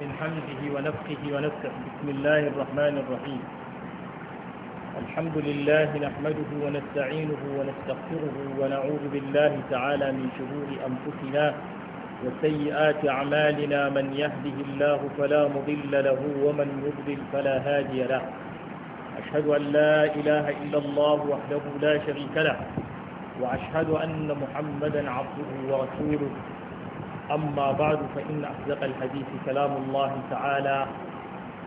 من حمده ونفقه ونفقه بسم الله الرحمن الرحيم الحمد لله نحمده ونستعينه ونستغفره ونعوذ بالله تعالى من شرور أنفسنا وسيئات أعمالنا من يهده الله فلا مضل له ومن يضلل فلا هادي له أشهد أن لا إله إلا الله وحده لا شريك له وأشهد أن محمدا عبده ورسوله أما بعد فإن أصدق الحديث كلام الله تعالى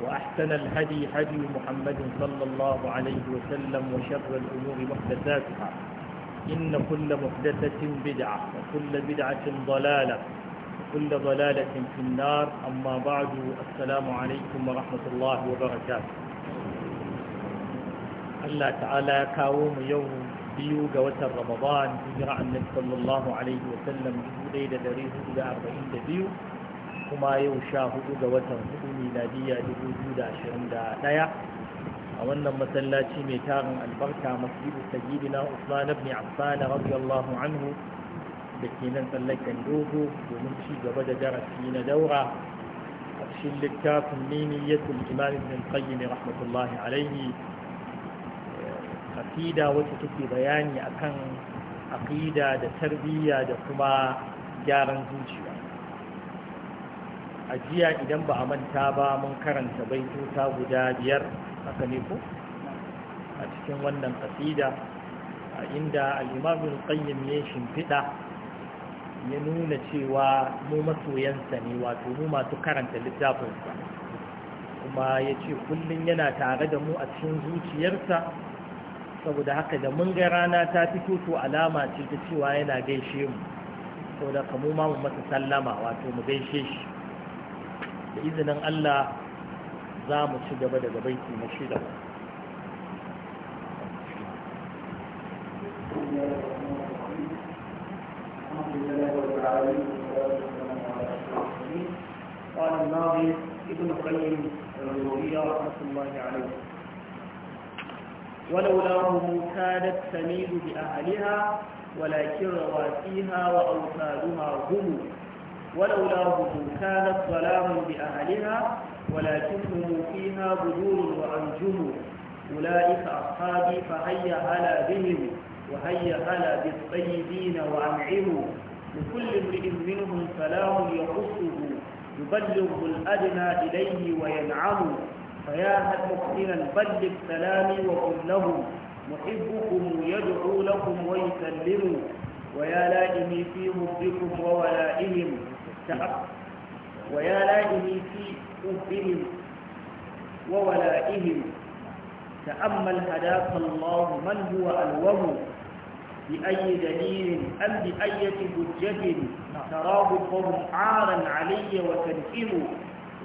وأحسن الهدي هدي محمد صلى الله عليه وسلم وشر الأمور محدثاتها إن كل محدثة بدعة وكل بدعة ضلالة وكل ضلالة في النار أما بعد السلام عليكم ورحمة الله وبركاته الله تعالى كاوم يوم biyu ga watan ramadan hijira annabi sallallahu alaihi wa sallam dubu da dari hudu da arba'in da biyu kuma yau sha hudu ga watan hudu miladiya dubu da ashirin da ɗaya a wannan masallaci mai tarin albarka masjidu sayyidina usman ibn affan radiyallahu anhu da ke nan tsallaken dogo domin ci gaba da darasi na daura a cikin littafin niniyatul imam ibn qayyim rahmatullahi alaihi Kasida wacce take bayani akan aqida da tarbiyya da kuma gyaran zuciya ajiya idan ba a manta ba mun karanta baitota guda biyar haka ne ko a cikin wannan kasida, inda alimamin imam al-qayyim ya ya nuna cewa mu masoyansa ne wato mu masu karanta littafinsa kuma ya ce kullum yana tare da mu a cikin zuciyarsa saboda haka da mun ga rana ta fito to alama ce ta cewa yana gaishe mu saboda kamu ma mu masa sallama wato mu gaishe shi da izinin Allah za mu ci gaba da gaban ki na shida قال الناظر ابن القيم الجوزية رحمة الله عليه ولولاهم كادت تميل بأهلها ولكن رواسيها وأوتادها هم ولولاهم كانت ظلام بأهلها هم فيها بدور وأنجم أولئك أصحابي فهيا هلا بهم وهيا هلا بالطيبين وأنعموا لكل امرئ منهم سلام يخصه يبلغ الأدنى إليه وينعم فيا هل مؤمنا بلغ سلامي وقل لهم محبكم يدعو لكم ويسلم ويا لائمي في حبكم وولائهم ويا لائمي في حبهم وولائهم تأمل هداك الله من هو ألوم بأي دليل أم بأية حجة تراه قوم عارا علي وتنكروا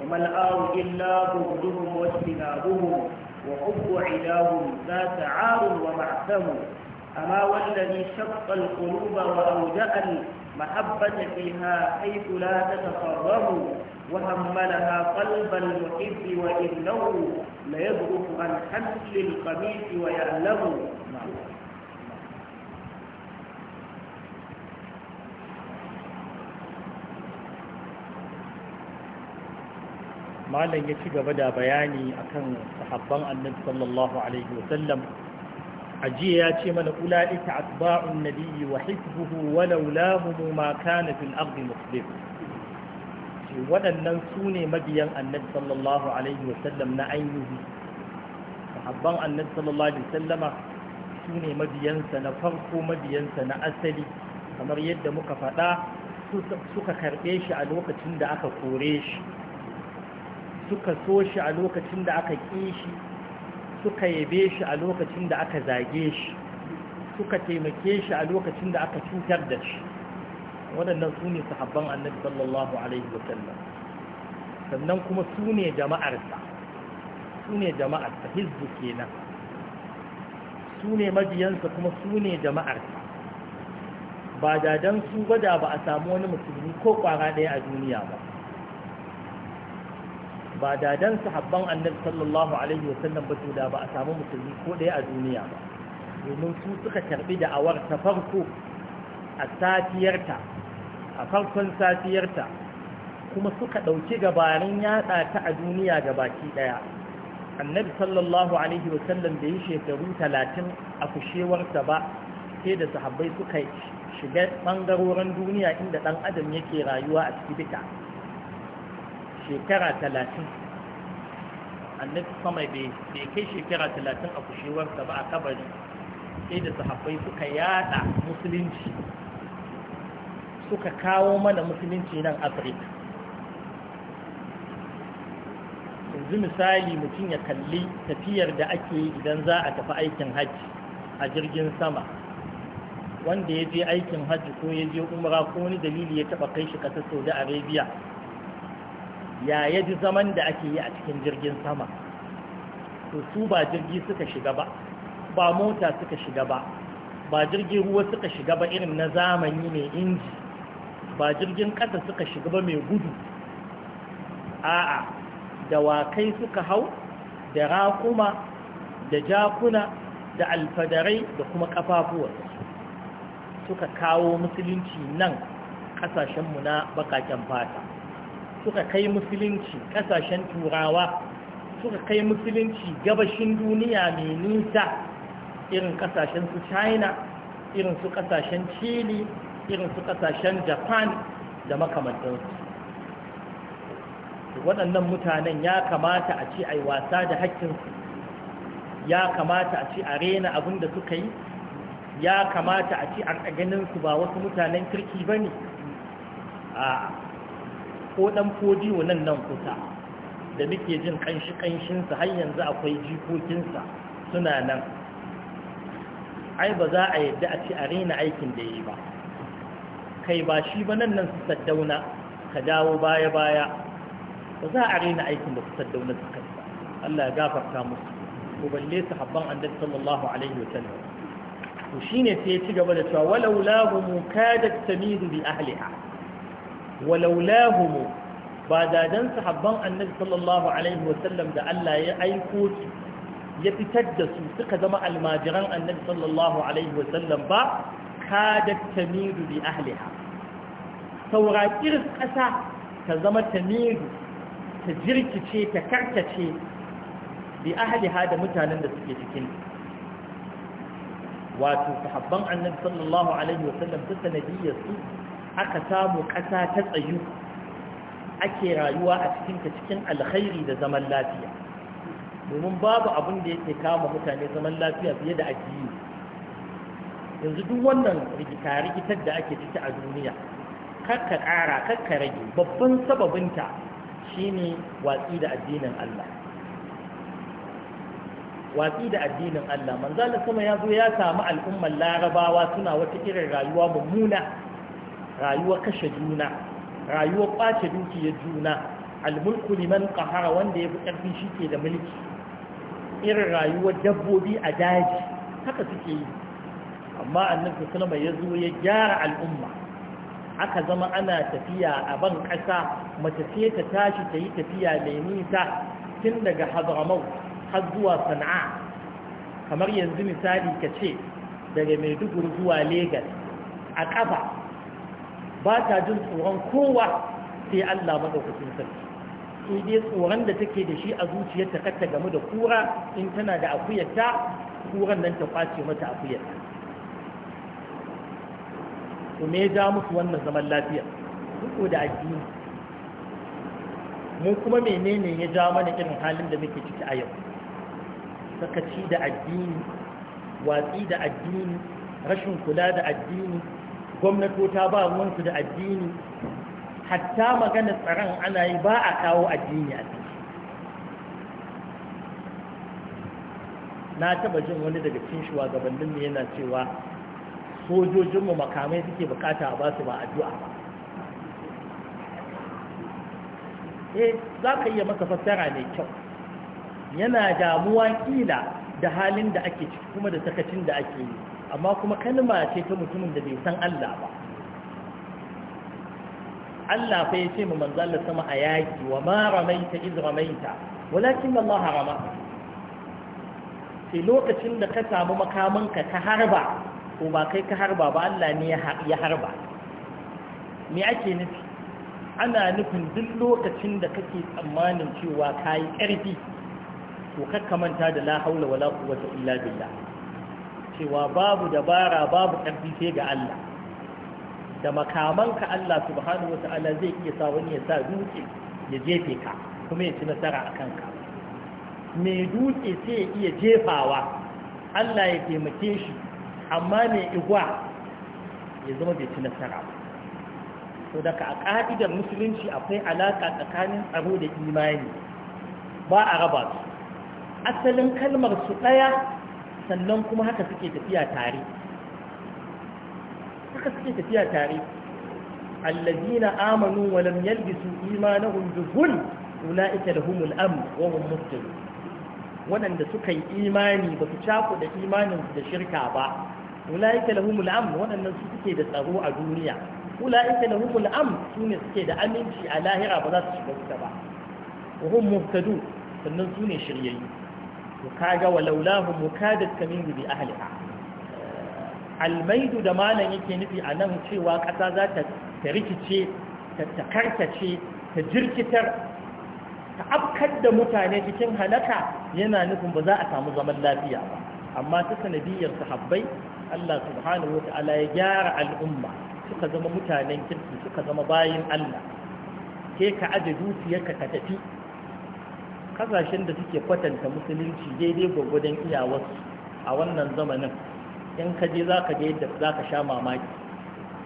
وما الآو إلا بغدهم واجتنابهم وحب عداهم ذات عار ومعتم أما والذي شق القلوب وأوجأ المحبة فيها حيث لا تتفرم وهملها قلب المحب وإنه ليبرك عن حمل القميص ويألم malam ya ci gaba da bayani akan sahabban annabi sallallahu alaihi wasallam ajiya ya ce mana ula'ika asba'un nabiyyi wa hifdhuhu wa laulahu ma kana fil ardi muslim ce wadannan su ne mabiyan annabi sallallahu alaihi wasallam na ainihi sahabban annabi sallallahu alaihi wasallama su ne sa na farko mabiyan sa na asali kamar yadda muka faɗa suka karɓe shi a lokacin da aka kore shi suka so shi a lokacin da aka ƙi shi suka yabe shi a lokacin da aka zage shi suka taimake shi a lokacin da aka cutar da shi waɗannan su ne sahabban annabi sallallahu alaihi wa sallam sannan kuma su ne jama'arsa su ne jama'arsa hizbu kenan su ne mabiyansa kuma su ne jama'arsa ba dadan su gwada ba a samu wani musulmi ko kwara ɗaya a duniya ba ba da dan sahabban annabi sallallahu alaihi sallam ba tuda ba a samu musulmi ko ɗaya a duniya ba domin su suka karbi da ta farko a safiyarta a farkon safiyarta kuma suka ɗauki gabarin yatsa ta a duniya ga baki ɗaya annabi sallallahu alaihi sallam da yi shekaru talatin a kushewarsa ba sai da sahabbai suka shiga bangarorin duniya inda ɗan adam yake rayuwa a ciki duka shekara talatin annabi sama bai kai shekara talatin a kushewarsa ba a kabari sai da sahabbai suka yada musulunci suka kawo mana musulunci nan afirka yanzu misali mutum ya kalli tafiyar da ake yi idan za a tafi aikin hajji a jirgin sama wanda ya je aikin hajji ko ya je umara ko wani dalili ya taba kai shi kasar saudi arabia ya yaji zaman da ake yi a cikin jirgin sama to su ba jirgi suka shiga ba ba mota suka shiga ba ba jirgin ruwa suka shiga ba irin na zamani mai inji ba jirgin ƙasa suka shiga ba mai gudu a'a dawakai suka hau da raƙuma da jakuna da alfadarai da kuma ƙafafuwa suka kawo musulunci nan ƙasashenmu na bakaken fata suka kai musulunci ƙasashen turawa suka kai musulunci gabashin duniya mai nisa irin ƙasashen su china irin su ƙasashen chile irin su ƙasashen japan da makamantarsu waɗannan mutanen ya kamata a ce a yi wasa da haƙƙinsu ya kamata a ce a rena abin da suka yi ya kamata a ce a ganinsu ba wasu mutanen kirki ba ne ko dan fodiyo nan nan kusa da muke jin kanshi-kanshinsa har yanzu akwai jikokinsa suna nan ai ba za a yadda a ci a rena aikin da yi ba kai ba shi ba nan nan su saddauna ka dawo baya-baya ba za a rena aikin da su saddauna su kasa Allah ya gafarta musu ko balle su habban annabi sallallahu alaihi wa sallam Ku shi ne sai ya ci gaba da cewa walau lahu mukadat tamidu bi ahliha walaulahum ba dadan sahabban annabi sallallahu da Allah ya aiko ya fitar da su suka zama almajiran annabi sallallahu alaihi wasallam ba kadat tamidu bi ahliha saura irin ƙasa ta zama tamidu ta jirkice ta karkace bi ahliha da mutanen da suke cikin wato sahabban annabi sallallahu alaihi wasallam ta sanadiyar su aka samu ƙasa ta tsayu ake rayuwa a cikinta cikin alkhairi da zaman lafiya domin babu abin da yake kama mutane zaman lafiya fiye da addini yanzu duk wannan rigita-rigitar da ake ciki a duniya kakka ƙara kakka rage babban sababinta shine watsi da addinin Allah watsi da addinin Allah manzalin sama ya zo ya samu al'ummar larabawa suna wata irin rayuwa mummuna rayuwar kashe juna rayuwar kwace dukiyar juna almulku liman qahara wanda ya fi karfi shike da mulki irin rayuwar dabbobi a daji haka suke yi amma annabi sallama ya zo ya gyara al'umma aka zama ana tafiya a ban ƙasa mace sai ta tashi ta yi tafiya mai nisa tun daga hadramau har zuwa sana'a kamar yanzu misali ka ce daga maiduguri zuwa Legas a ƙafa ba ta jin tsoron kowa sai Allah madaukakin sarki sai dai tsoron da take da shi a zuciyarta kar ta game da kura in tana da akuyarta kuran nan ta kwace mata akuyarta to me ja musu wannan zaman lafiya duk da addini mu kuma menene ya ja mana irin halin da muke ciki a yau sakaci da addini watsi da addini rashin kula da addini gwamnatota ba wansu da addini hatta magana tsaron ana yi ba a kawo addini a ciki na taba jin wani daga cikin shugabanninmu yana cewa sojojinmu makamai suke bukata a basu ba addu'a ba eh za ka iya masa fassara mai kyau yana damuwa kila da halin da ake ciki kuma da sakacin da ake yi amma kuma kalma ce ta mutumin da bai san Allah ba Allah fa ya ce mu manzo Allah sama a yaki wa ma ramaita iz ramaita walakin Allah rama sai lokacin da ka samu makamanka ka harba ko ba kai ka harba ba Allah ne ya harba me ake nufi ana nufin duk lokacin da kake tsammanin cewa kayi karfi to kakka manta da la haula wala quwwata illa billah cewa babu dabara babu ƙarfi sai ga Allah da makamanka Allah subhanahu wa ta'ala zai iya sa wani ya sa dutse ya jefe ka kuma ya ci nasara a kanka mai dutse sai ya iya jefawa Allah ya taimake shi amma mai igwa ya zama bai ci nasara ba to daga a ƙa'idar musulunci akwai alaƙa tsakanin tsaro da imani ba a raba su asalin kalmar su ɗaya sannan kuma haka suke tafiya tare haka suke tafiya tare allazina amanu wa lam yalbisu imanahum bi zulm ulaika lahumul amn wa hum muhtadun wadanda suka yi imani ba su cako da imanin da shirka ba ulaika lahumul amn wadannan su suke da tsaro a duniya ulaika lahumul amn sune suke da aminci a lahira ba za su shiga wuta ba wa hum muhtadun sannan sune shiryayyu to kaga walaulahu mukadat kamin bi ahliha almaidu da malam yake nufi a nan cewa ƙasa za ta rikice ta karkace ta jirkitar ta afkar da mutane cikin halaka yana nufin ba za a samu zaman lafiya ba amma ta sanadiyar sahabbai Allah subhanahu ta'ala ya gyara al'umma suka zama mutanen kirki suka zama bayin Allah ke ka aje dukiyarka ka tafi kasashen da suke kwatanta musulunci daidai gwagwadon iyawarsu a wannan zamanin in ka je za ka ga yadda za ka sha mamaki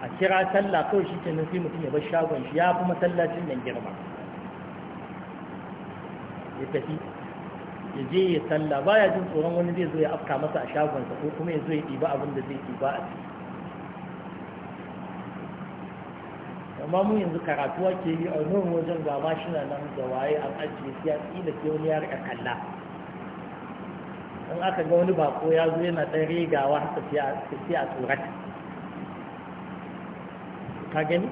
a kira sallah kawai shi ke nufi mutum ya bar shagon shi ya fi masallacin nan girma ya tafi ya je ya sallah baya jin tsoron wani zai zo ya afka masa a shagonsa ko kuma ya zo ya ɗiba abin da zai ɗiba a ciki amma mu yanzu karatu ake yi a nan wajen gama shi na nan da waye an ajiye siya kila sai wani ya riƙa kalla in aka ga wani bako ya zo yana ɗan rigawa haka tafiya a tsorata ka gani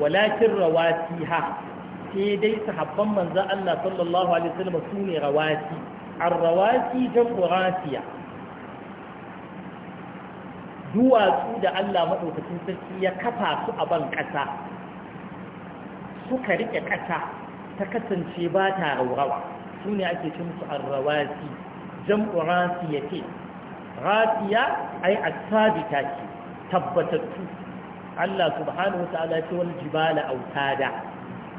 walakin rawati ha sai dai sahabban manzan Allah sallallahu alaihi wasallam su ne rawati arrawati jan qurasiya duwatsu da Allah maɗaukacin sarki ya kafa su a ban ƙasa suka riƙe ƙasa ta kasance ba ta raurawa su ne ake su musu arrawasi jam'u ya ce rasiya ai sabita ce tabbatattu Allah subhanahu wata'ala ce wal jibala autada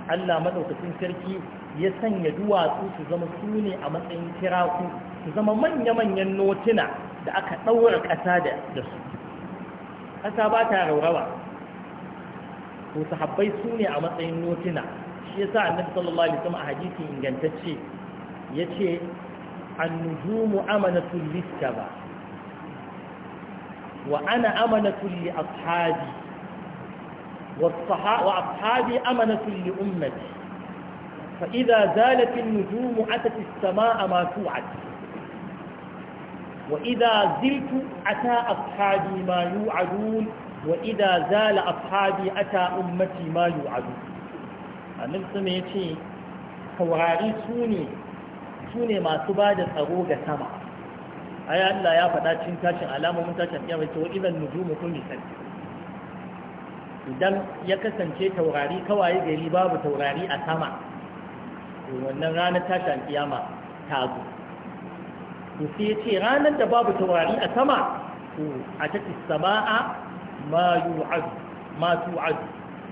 Allah madaukakin sarki ya sanya duwatsu su zama su ne a matsayin kiraku su zama manya-manyan notuna da aka ɗaura ƙasa da su ƙasa ba ta raurawa to sahabbai su ne a matsayin notuna shi yasa annabi sallallahu alaihi wasallam a hadisi ingantacce yace an-nujumu amanatul littaba wa ana amanatul li ashabi وأصحابي أمنة لأمتي فإذا زالت النجوم أتت السماء ما توعد وإذا زلت أتى أصحابي ما يوعدون wa idza zala ashabi ata ummati ma yu'adu annabi sun yace taurari sune sune masu bada tsaro ga sama ai Allah ya faɗa cikin tashin alamomin tashin kiyama ce wa idan nujumu kumisat idan ya kasance taurari kawai gari babu taurari a sama to wannan ranar tashin kiyama ta zo to sai ya ce ranar da babu taurari a sama to a tafi sama'a ma yu'ad ma tu'ad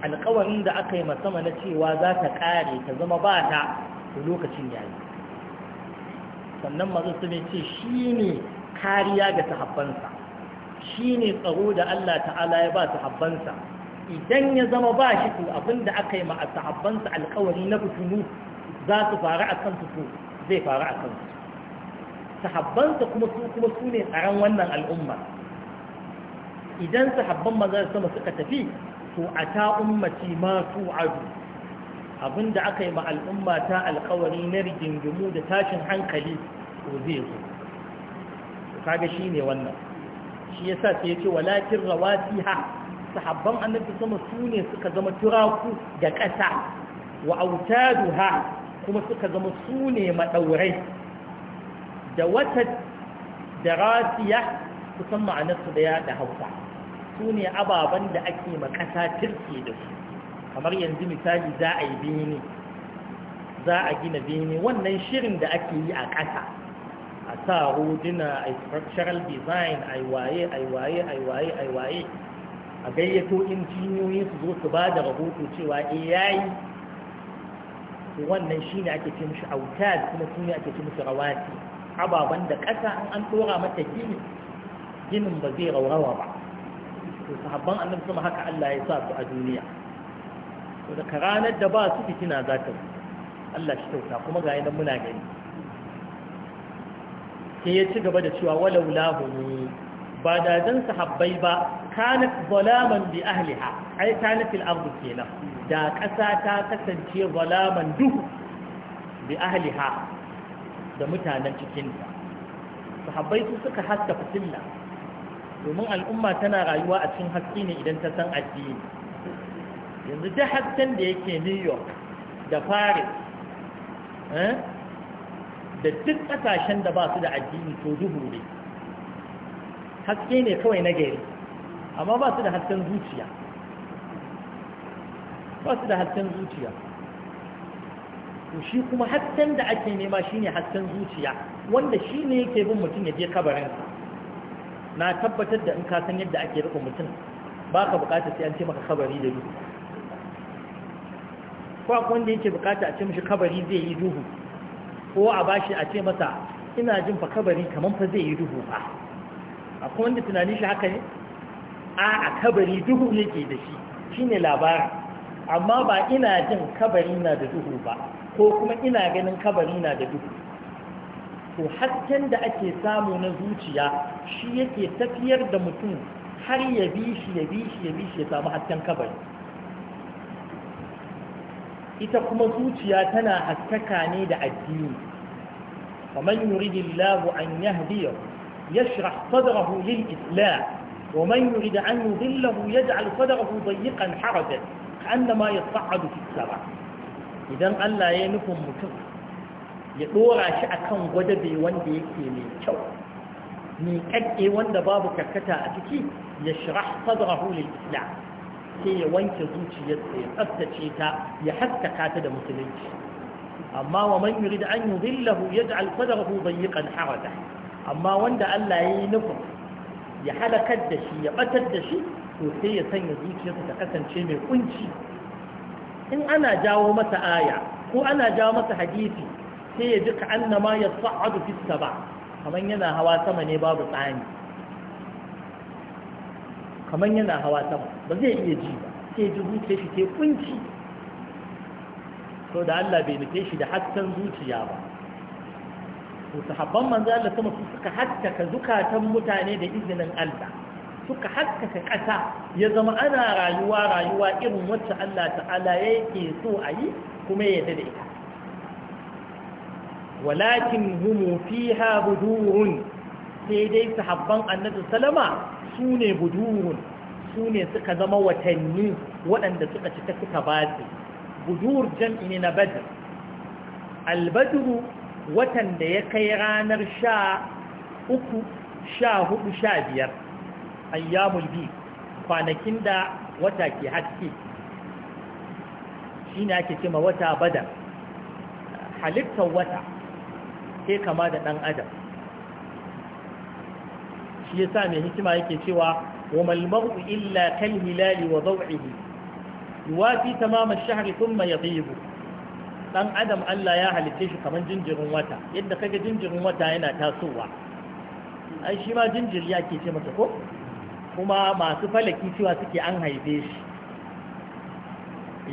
alƙawarin da aka yi sama na cewa za ta kare ta zama ba ta lokacin yayi sannan mazu su ce shi ne kariya ga sahabbansa shi ne tsaro da Allah ta'ala ya ba sahabbansa idan ya zama ba shi to abinda aka yi ma a sahabbansa alƙawari na fitinu za su faru a kansu to zai faru a kansu sahabbansa kuma su kuma su ne tsaron wannan al'umma idan sahabban manzon sama suka tafi to ata ummati ma Abun da aka yi ma al'umma ta alkawari na rigingimu da tashin hankali to zai zo kaga ne wannan shi yasa sai yace walakin ha. sahabban annabi sama su ne suka zama turaku da ƙasa wa ha. kuma suka zama su ne madaurai da wata da rasiya kusan ma'anarsu da ya da hausa su ne ababen da ake makasa turke da su kamar yanzu misali za a yi bene za a gina bene wannan shirin da ake yi a ƙasa a sa rodina a structural design a waye a waye a waye a gayyato injiniyoyin su zo su ba da rahoto cewa e eh, yayi wannan shi ne ake ce autad kuma su ne ake ce rawati ababen da ƙasa an ɗora mata gini ginin ba zai raurawa ba to sahabban annabi sama haka Allah ya sa su a duniya to da ranar da ba su fitina za ta Allah shi kyauta kuma ga yanan muna gani sai ya ci gaba da cewa walau lahu ba da dan sahabbai ba kanat zalaman bi ahliha ai kanat al-ard kenan da ƙasa ta kasance zalaman duk bi ahliha da mutanen cikin ta sahabbai su suka haska fitilla domin al'umma tana rayuwa a cikin haske ne idan ta san addini yanzu ta hasken da yake new york da paris eh, da duk ƙasashen da ba su da addini to duhu ne haske ne kawai na gari amma ba su da hasken zuciya ba su da hasken zuciya to shi kuma hasken da ake nema shine hasken zuciya wanda shi ne yake bin mutum ya je kabarinsa na tabbatar da in ka san yadda ake rufe mutum ba ka bukata sai an ce maka kabari da duhu ko akwai wanda yake bukata a ce mashi kabari zai yi duhu ko a bashi a ce masa ina jin fa kabari kaman fa zai yi duhu ba. akwai wanda tunanin shi haka ne a a kabari duhu yake da shi shi ne labari amma ba ina jin kabari na da duhu ba ko kuma ina ganin kabari na da duhu to hasken da ake samu na zuciya shi yake tafiyar da mutum har ya bi shi ya bi shi ya bi shi ya samu hasken kabari ita kuma zuciya tana haskaka ne da addini ومن يريد الله أن يهديه يشرح صدره للإسلام ومن يريد أن يضله يجعل صدره ضيقا حرجا كأنما يصعد في السماء إذا ألا ينفهم مكفر ya ɗora shi a kan gwadabe wanda yake mai kyau miƙaƙe wanda babu karkata a ciki ya shirah sadrahu islam sai ya wanke zuciyarsa ya tsaftace ta ya haskaka ta da musulunci amma wa man yurid an yudhillahu yaj'al sadrahu dayyiqan haraja amma wanda Allah yayi nufin ya halakar da shi ya batar da shi to sai ya sanya zuciyarsa ta kasance mai kunci in ana jawo masa aya ko ana jawo masa hadisi sai ya ji ka ma ya sa'adu fita ba. kamar yana hawa sama ne babu tsani kamar yana hawa sama ba zai iya ji ba sai ji zuciya shi ke kunci so da Allah bai nufe shi da hasken zuciya ba to sahabban manzo Allah sama su suka haskaka zukatan mutane da izinin Allah suka haskaka ƙasa ya zama ana rayuwa rayuwa irin wacce Allah ta'ala yake so a yi kuma ya da ita walakin humu fiha budurun sai dai sahabban annabi salama su ne budurun su ne suka zama watanni waɗanda suka cika suka batse budur jam'i ne na badr albadru watan da ya kai ranar sha uku sha hudu sha biyar ayyamul bi kwanakin da wata ke haske shi ne ake cima wata badar halittar wata sai kama da ɗan adam shi sa mai hikima yake cewa wa malmaru illa kal hilali wa zaw'ihi yuwafi tamam ash-shahr thumma yadhibu dan adam Allah ya halice shi kaman jinjirin wata yadda kaga jinjirin wata yana tasowa ai shi ma ya ke ce masa ko kuma masu falaki cewa suke an haife shi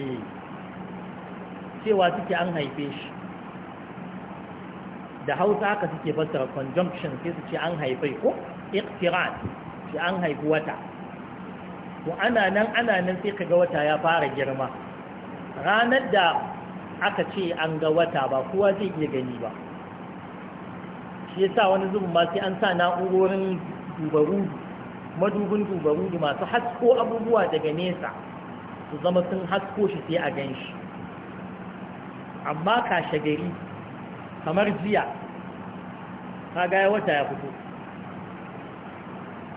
eh, cewa suke an haife shi da hausa aka suke fassara conjunction sai su ce an haifai ko iqtiran shi an haifi wata to ana nan ana nan sai kaga wata ya fara girma ranar da aka ce an ga wata ba kowa zai iya gani ba shi yasa wani zubin ba sai an sa na'urorin dubaru madubin dubaru da masu hasko abubuwa daga nesa su zama sun hasko shi sai a gan shi amma kashe gari kamar jiya ka ya wata ya fito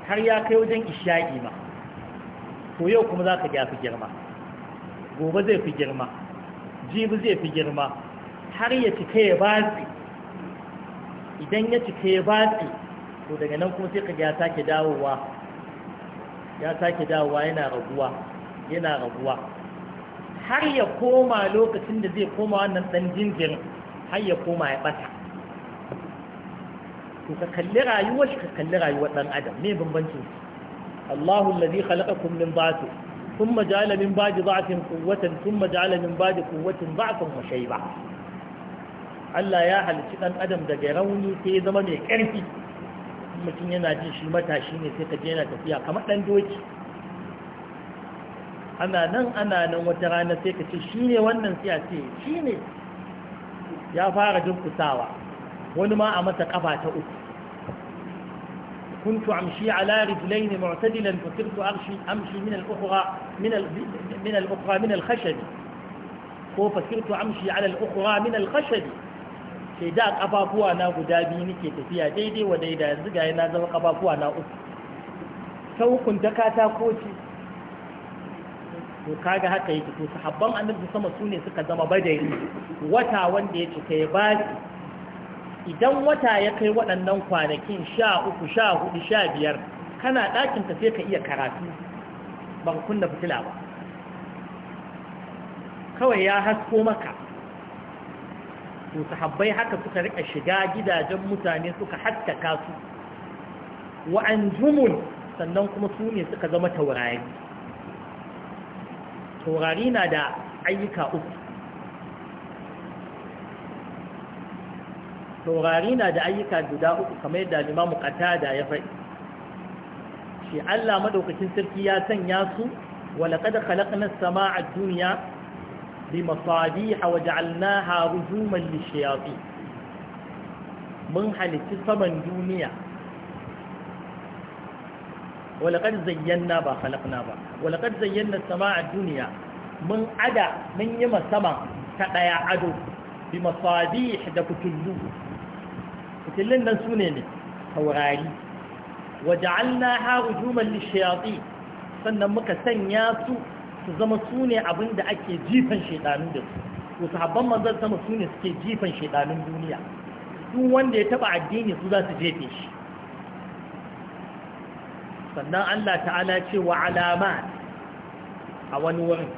har ya kai wajen isha'i ma to yau kuma za ka ga fi girma gobe zai fi girma jibi zai fi girma har ya cika ya batsi idan ya cika ya batsi to daga nan kuma sai ka ga ya sake dawowa ya sake dawowa yana raguwa yana raguwa har ya koma lokacin da zai koma wannan ɗan jinjirin har ya koma ya bata to ka kalli rayuwar shi ka kalli rayuwar dan adam me bambancin su Allahu allazi khalaqakum min dha'f thumma ja'ala min ba'di dha'fin quwwatan thumma ja'ala min ba'di quwwatin dha'fan wa shayba Allah ya halicci dan adam daga rauni sai ya zama mai karfi mutum yana jin shi matashi ne sai ka je yana tafiya kamar dan doki ana nan ana nan wata rana sai ka ce shi ne wannan sai a ce shi ne ya fara dunkusawa wani ma a mata kafa ta uku kuntu amshi ala rijlaini mu'tadilan fa sirtu amshi amshi min al-ukhra min al-min al-ukhra min ko fa amshi ala al-ukhra min al-khashab sai da kafafuwa na guda biyu nake tafiya daidai wa daidai yanzu ga yana zama kafafuwa na uku ta hukunta katako ce to kaga haka yake to sahabban annabi sama sune suka zama badai wata wanda ya cika ya idan wata ya kai waɗannan kwanakin sha uku sha hudu sha biyar kana ɗakin ka sai ka iya karatu ban kunna fitila ba kawai ya hasko maka to sahabbai haka suka rika shiga gidajen mutane suka haskaka su wa'anjumun sannan kuma su ne suka zama taurari taurari na da ayyuka uku guda uku kamar yadda lima mukata da ya fai shi Allah madaukakin sarki ya sanya su wala kada kalakunan sama a duniya bi masabi a waje alna haru zuman lishiyafi mun halittu saman duniya wala kada zayyanna ba kalakuna ba walakar zayyana as-samaa ad mun ada mun yi masama ta ɗaya ado bi masadih da kutullu kutullun nan sune ne taurari na Haru lish-shayatin sannan muka sanya su su zama sune abinda ake jifan shedanu da su to sahabban manzon sama sune suke jifan shedanun duniya duk wanda ya taba addini su za su jefe shi sannan Allah ta'ala ce wa alama a wani wurin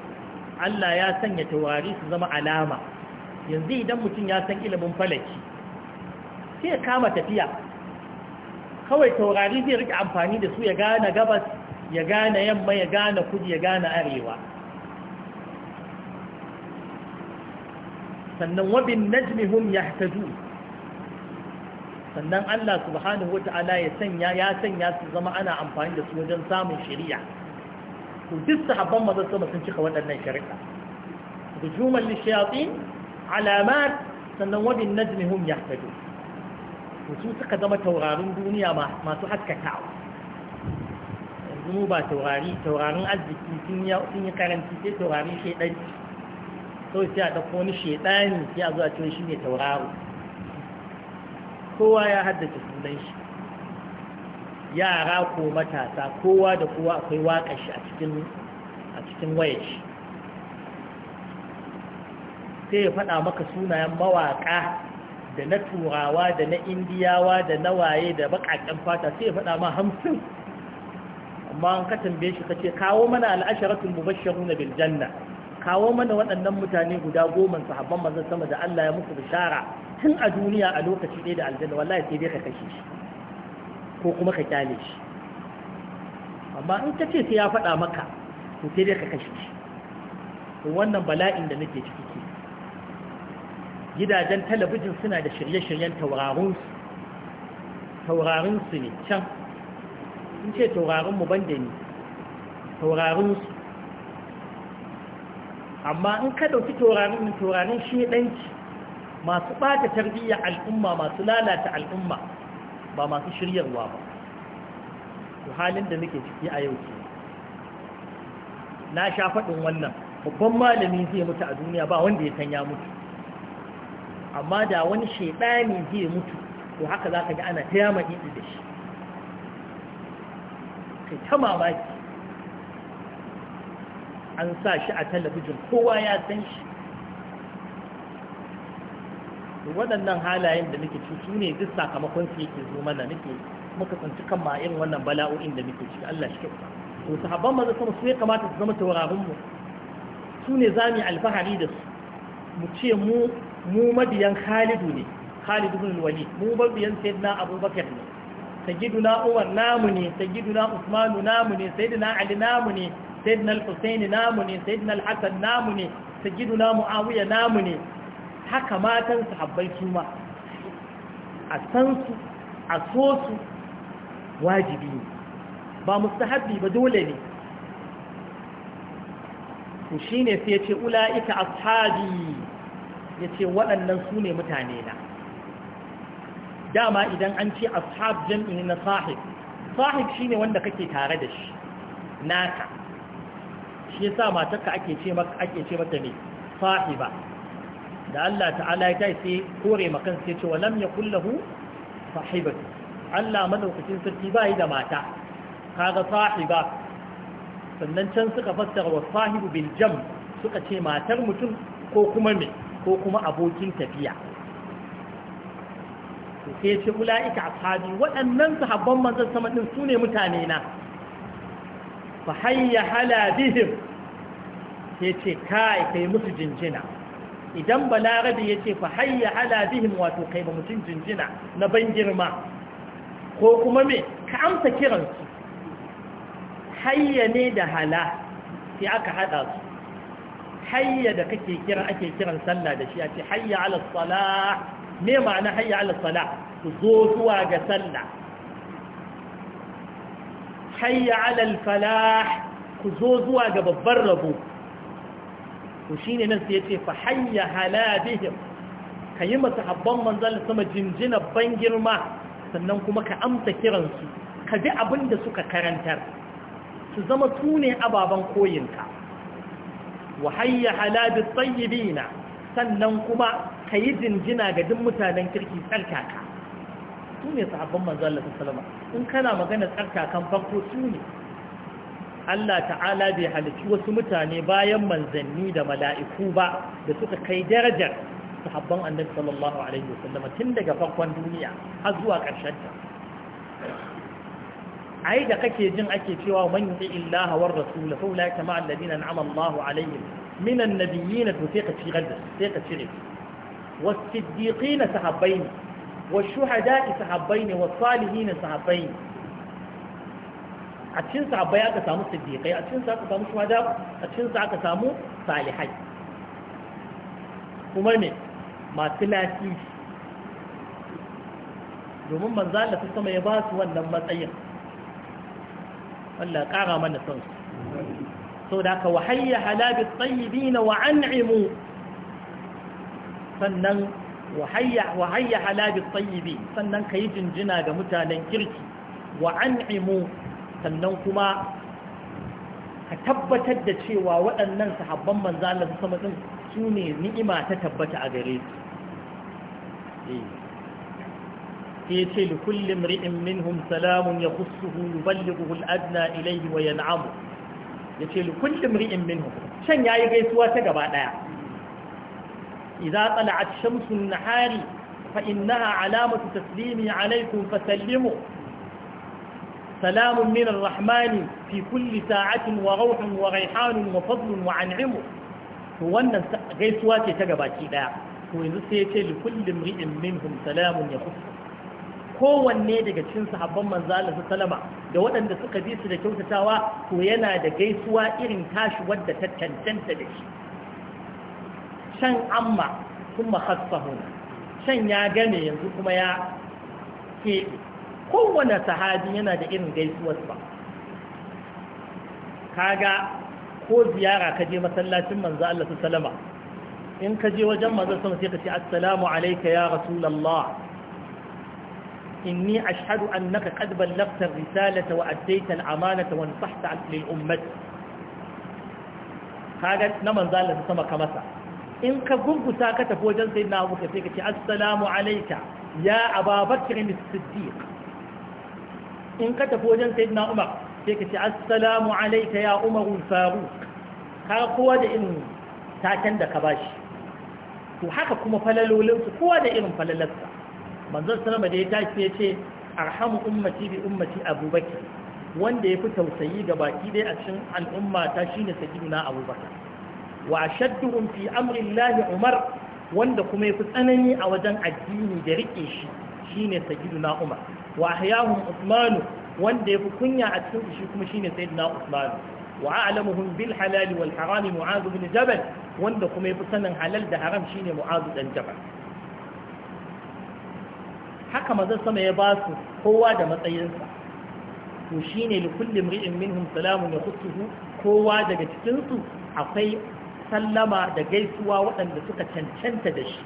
Allah ya sanya taurari su zama alama yanzu idan mutum ya san ilimin falaki sai kama tafiya kawai taurari zai rike amfani da su ya gane gabas ya gane yamma ya gane kudi ya gane arewa sannan wabin najmihum yahtaju sannan Allah subhanahu wata'ala ya sanya ya sanya su zama ana amfani da su wajen samun shari'a to duk sahabban mazan sama sun cika waɗannan shari'a rujuman lishayatin alamat sannan wadin najmi hum to su suka zama taurarin duniya masu haskakawa yanzu mu ba taurari taurarin arziki sun yi karanci sai taurarin shaidanci sau sai a ɗauko wani shaidani sai a zuwa cewa shi ne tauraro kowa ya haddace sunan shi yara ko matasa kowa da kowa akwai waƙar shi a cikin waya shi sai ya faɗa maka sunayen mawaƙa da na turawa da na indiyawa da na waye da baƙaƙen fata sai ya faɗa ma hamsin amma an ka tambaye shi ka ce kawo mana al'asharatul mubashsharuna na Biljanna. kawo mana waɗannan mutane guda goma sahabban manzon sama da Allah ya musu bishara tun a duniya a lokaci ɗaya da aljanna wallahi sai dai ka kashe shi ko kuma ka kyale shi amma in ka ce sai ya faɗa maka to sai dai ka kashe shi to wannan bala'in da nake ciki ke gidajen talabijin suna da shirye-shiryen su. Taurarin su ne can in ce taurarinmu ban da ni su. amma in ka ɗauki taurarin taurarin shedanci masu ɓata tarbiyyar al'umma masu lalata al'umma ba masu shiryarwa ba to halin da muke ciki a yau ke na sha faɗin wannan babban malami zai mutu a duniya ba wanda ya tanya mutu amma da wani shaidani zai mutu to haka za ka ji ana ta yama da shi kai ta mamaki an sa shi a talabijin kowa ya san shi waɗannan halayen da muke ci su ne duk sakamakon su yake zo mana muke muka tsinci kan ma irin wannan bala'o'in da muke ci, Allah shi kyauta to sahabban maza sama su ya kamata su zama taurarin mu su ne za mu yi alfahari da su mu ce mu mu mabiyan Khalidu ne Khalid ibn Walid mu mabiyan Sayyidina Abubakar ne Sayyiduna Umar namu ne Sayyiduna Usman namu ne Sayyidina Ali namu ne sayyidina al-husaini namu ne sayyidina al-hasan namu ne sayyiduna haka matan sahabbai su ma a san su a so su wajibi ne ba mustahabbi ba dole ne to shine sai yace ulaika ashabi yace waɗannan su ne mutane na dama idan an ce ashab jam'i na sahib sahib shine wanda kake tare da shi naka shi yasa matarka ake ce maka ake ce mata ne sahiba da Allah ta'ala ya kai sai kore makan sai ce walam yakul sahibatu Allah madaukakin sarki bai da mata kaga sahiba sannan can suka fassara wa sahibu bil jam suka ce matar mutum ko kuma me ko kuma abokin tafiya sai ce ula'ika ashabi waɗannan sahabban manzon sama din sune mutane na fa hayya hala bihim sai ce kai kai musu jinjina idan balarabe ya ce fa hayya ala bihim wato kai ba mutum jinjina na ban girma ko kuma me ka amsa kiransu hayya ne da hala sai aka hada su hayya da kake kira ake kiran sallah da shi a ce hayya ala salah me ma'ana hayya ala salah ku zo zuwa ga sallah hayya ala falah ku zo zuwa ga babbar rabo to shine nan sai yace fa hayya halabihim kayi masahabban manzal sama jinjina ban girma sannan kuma ka amsa kiransu ka ji abin da suka karantar su zama tune ababen koyinka wa hayya halabit tayyibina sannan kuma kayi jinjina ga duk mutanen kirki tsarkaka su ne sahabban manzal sallallahu alaihi salama in kana magana tsarkakan farko su ne Allah ta'ala bai halici wasu mutane bayan manzanni da mala'iku ba da suka kai darajar su sahabban annabi sallallahu alaihi wasallam tun daga farkon duniya har zuwa ƙarshen ta a ai da kake jin ake cewa man yi illaha war rasul fa ulai kama alladina an'ama Allahu alaihim min an-nabiyyin to sai ka cire da sai ka cire was-siddiqin sahabbai was-shuhada'i sahabbai was-salihin sahabbai a cikin sahabbai aka samu siddiqai a cikin sa aka samu shuhada a cikin sa aka samu salihai kuma ne masu lafiya domin manzo Allah ta sama ya ba su wannan matsayin Allah kara mana son su so da ka wahayya halabi tsayyibi na wa'an'imu sannan wahayya halabi tsayyibi sannan ka yi jinjina ga mutanen kirki wa'an'imu sannan kuma ka tabbatar da cewa waɗannan sahabban manzo Allah su sama din su ne ni'ima ta tabbata a gare su eh. sai ya ce likulli mri'in minhum salamun ya khussuhu yuballighuhu al-adna ilayhi wa amu. ya ce likulli mri'in minhum shan yi gaisuwa ta gaba daya idza tala'at shamsu an-nahari fa innaha alamatu taslimi alaykum fasallimu سلام من الرحمن في كل ساعة وروح وريحان وفضل وعنعم وانا غيسوات يتقبع كده وإذا سيتي لكل امرئ منهم سلام يخص kowanne daga cikin sahabban manzo Allah sallama da waɗanda suka bi su da kyautatawa to yana da gaisuwa irin tashi wadda ta tantanta da shi can amma kuma khassahu can ya gane yanzu kuma ya keɓe kowane sahabi yana da irin gaisuwarsa kaga ko ziyara ka je masallacin manzo Allah su salama in ka je wajen manzo sama sai ka ce assalamu alayka ya rasulullah inni ashhadu annaka qad ballaghta ar-risalata wa addayta al-amanata wa nasahta lil ummat kaga na manzo Allah su sama ka in ka gungusa ka tafi wajen sayyidina Abu Bakar sai ka ce assalamu alayka ya Abu Bakr as-Siddiq in ka tafi wajen na umar sai ka ce assalamu alaika ya umarul faruq ka kowa da irin taken da ka bashi to haka kuma falalolinsu kowa da irin falalarsa manzon sallama da ya tashi ya ce arhamu ummati bi ummati abubakar wanda ya fi tausayi ga baki dai a cikin al'umma ta shine sayyidina abubakar wa ashadduhum fi amri umar wanda kuma ya fi tsanani a wajen addini da rike shi shine sayyiduna umar wa ahyahum usmanu wanda fi kunya a cikin shi kuma shine na usman wa a'lamuhum bil halal wal haram mu'adh jabal wanda kuma yafi sanin halal da haram ne mu'adh dan jabal haka mazan sama ya ba su kowa da matsayinsa to ne li kulli mri'in minhum salamun yakhussuhu kowa daga cikin su akwai sallama da gaisuwa waɗanda suka cancanta da shi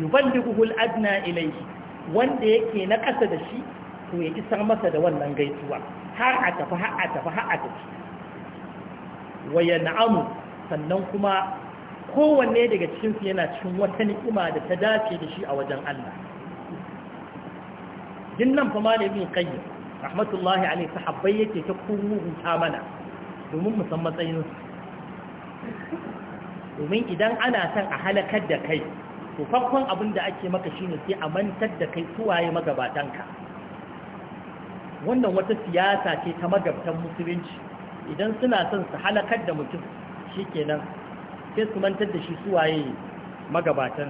yuballighu al-adna ilayhi wanda yake na kasa da shi to ya isar masa da wannan gaisuwa har a tafi har a tafi har a tafi wa yan'amu sannan kuma kowanne daga cikin su yana cikin wata ni'ima da ta dace da shi a wajen Allah nan fa malamin qayyim rahmatullahi alaihi sahabbai yake ta kuma huta mana domin mu san matsayinsu domin idan ana son a halakar da kai to farkon abin da ake maka shine sai a mantar da kai suwaye magabatanka wannan wata siyasa ce ta magabtan musulunci idan suna son su halakar da mutum shikenan sai su mantar da shi suwaye magabatan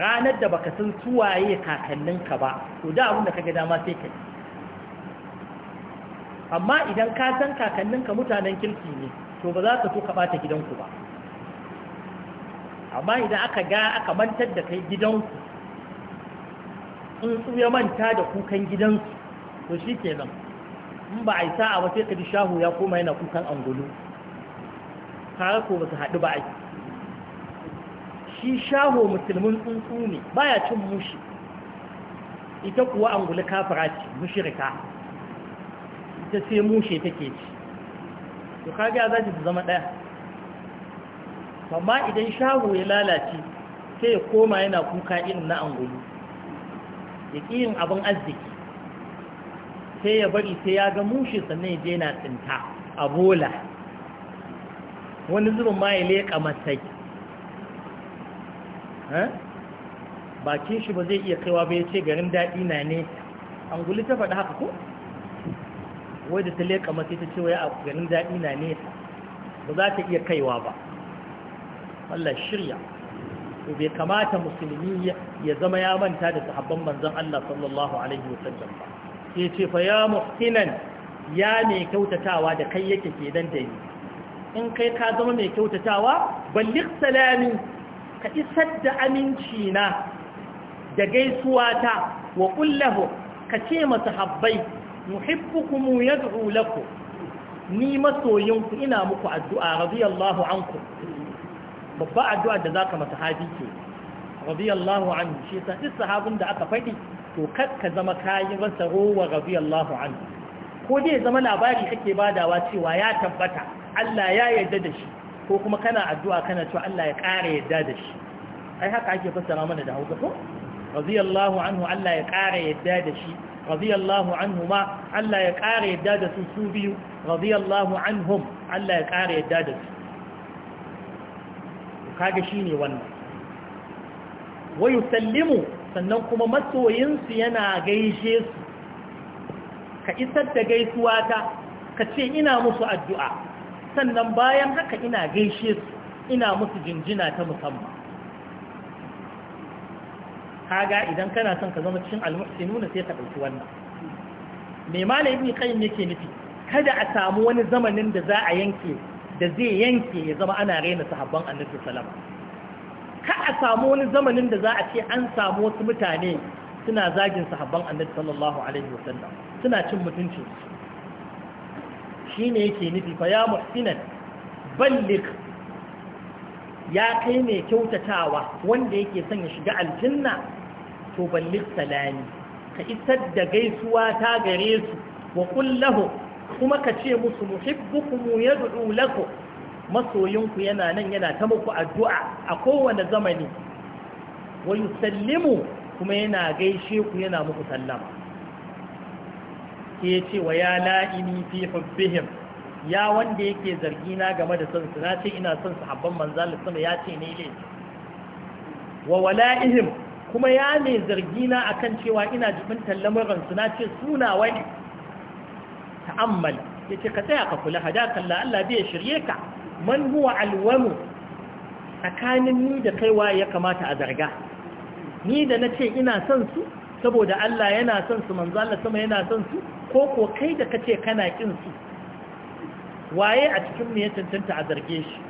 ranar da baka san suwaye kakanninka ba to da abin da kage dama sai kai amma idan ka san kakanninka mutanen kirki ne to ba za ka so ka bata gidanku ba amma idan aka ga aka mantar da kai gidanku in ya manta da kukan gidansu to shi ke nan in ba a yi sa'a wasu sai ka ji shahu ya koma yana kukan angulu tare ko ba su haɗu ba aiki shi shaho musulmin tsuntsu ne baya cin mushi ita kuwa angulu kafira ce mushirika ita sai mushe take ci to kaga za ta zama ɗaya amma idan shago ya lalace sai ya koma yana kuka irin na angulu ya ƙi yin abin arziki sai ya bari sai ya ga mushe sannan ya je na tsinta a bola wani zurin ma ya leƙa matsayi bakin shi ba zai iya kaiwa ba ya ce garin daɗi na ne angulu ta faɗi haka ko? wadda ta leƙa matsayi ta ce wa ya garin daɗi na ne ba za ta iya kaiwa ba Allah shirya to bai kamata musulmi ya zama ya manta da sahabban manzon Allah sallallahu alaihi wasallam ba sai ce fa ya muhsinan ya mai kyautatawa da kai yake ke dandali, in kai ka zama mai kyautatawa balligh salami ka isar da aminci na da gaisuwa ta wa kullahu ka ce masa habbai muhibbukum yad'u lakum ni masoyinku ina muku addu'a radiyallahu anku babba addu'a da za ka mata hafi ke radiyallahu anhu shi yasa duk sahabin da aka faɗi to kar ka zama kayi masa rowa radiyallahu anhu ko dai zama labari kake badawa cewa ya tabbata Allah ya yarda da shi ko kuma kana addu'a kana cewa Allah ya ƙara yarda da shi ai haka ake fassara mana da Hausa ko radiyallahu anhu Allah ya ƙara yarda da shi radiyallahu anhu ma Allah ya ƙara yarda da su su biyu radiyallahu anhum Allah ya ƙara yarda da su kaga ne wannan wayu sallimu sannan kuma masoyinsu yana gaishe su ka isar da gaisuwa ta ka ce ina musu addu'a sannan bayan haka ina gaishe su ina musu jinjina ta musamman kaga idan kana son ka zama cikin nuna sai ka ɗauki wannan me malami ibn qayyim yake nufi kada a samu wani zamanin da za a yanke da zai yanke ya zama ana raina sahabban annabi salama ka a samu wani zamanin da za a ce an samu wasu mutane suna zagin sahabban annabi sallallahu alaihi wasallam suna cin mutuncin shine yake nufi fa ya muhsinan balligh ya kai mai kyautatawa wanda yake son ya shiga aljanna to balligh salami ka isar da gaisuwa ta gare su wa kullahu kuma ka ce musu ya yad'u lako masoyinku yana nan yana ta muku addu'a a kowane zamani wa yusallimu kuma yana gaishe ku yana muku sallama ke ce wa ya la'ini fi hubbihim ya wanda yake zargi na game da son su na ce ina son su habban manzal sama ya ce ne ne wa wala'ihim kuma ya ne zargi na akan cewa ina jibin tallamuran su na ce suna wani ta'ammal ce ka tsaya ka kula hadaka Allah Allah bai shirye ka man huwa alwamu tsakanin ni da kaiwa ya kamata a zarga ni da nace ina son su saboda Allah yana son su manzo Allah sama yana son su ko ko kai da kace kana kin su waye a cikin mai ya tantanta a zarge shi